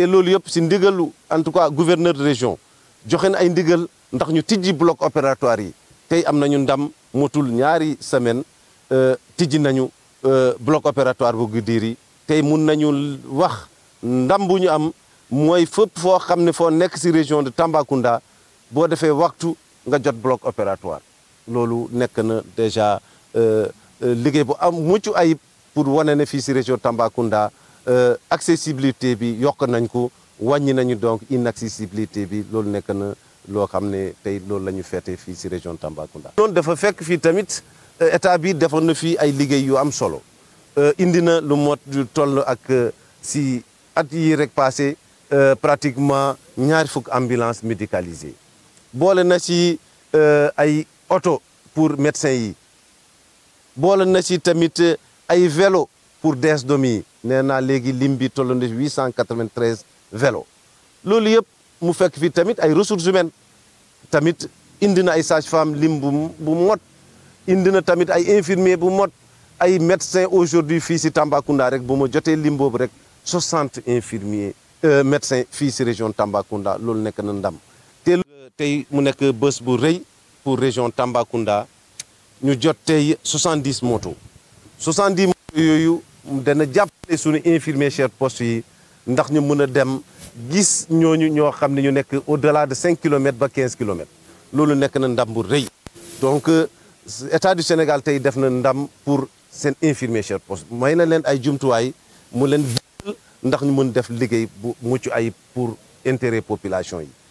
te loolu yëpp si ndigalu en tout cas gouverneur de région joxe na ay ndigal ndax ñu tijji bloc opératoire yi tey am nañu ndam motul ñaari semaine euh, tijji nañu euh, bloc opératoire bu yi tey mun nañu wax ndam bu ñu am mooy fépp foo xam ne foo nekk si région de Tambacounda boo defee waxtu nga jot bloc opératoire loolu nekk na déjà euh, liggéey bu am mucc ayib pour wane ne fii si région Tambacounda Euh, accessibilité bi yokk nañ ko wàññi nañu donc inaccessibilité bi loolu nekk na loo xam ne tey loolu la ñu feete fii si région Tambacounda. noonu dafa fekk fii tamit euh, état bi defoon na fii ay liggéey yu am solo euh, indi na lu mot lu toll ak si at yi rek passé pratiquement ñaar fukk ambulance médicalisée boole na si ay oto pour médecins yi boole na si tamit ay vélo pour DSDOM yi nee naa léegi lim bi toll na 893 velo loolu yëpp mu fekk fi tamit ay ressources humaines tamit indi na ay sages femme lim bu bu mot indi na tamit ay infirmiers bu mot ay médecins aujourd'hui fii si Tambacounda rek bu ma jotee lim boobu rek 60 infirmiers euh, médecins fii si région Tambacounda loolu nekk na ndam te tey mu nekk bés bu rëy pour région Tambacounda ñu jot tey 70 motos 70 motos yooyu dana jàppale suñu infirmier chef poste yi ndax ñu mëna dem gis ñoñu ño xamni ñu nekk au delà de 5 km ba 15 km lolu nekk na ndam bu reuy donc euh, état du Sénégal tay def na ndam pour sen infirmier chef poste may na len ay jumtuwaay mu len ndax ñu mëna def liggéey bu muccu ay pour intérêt population yi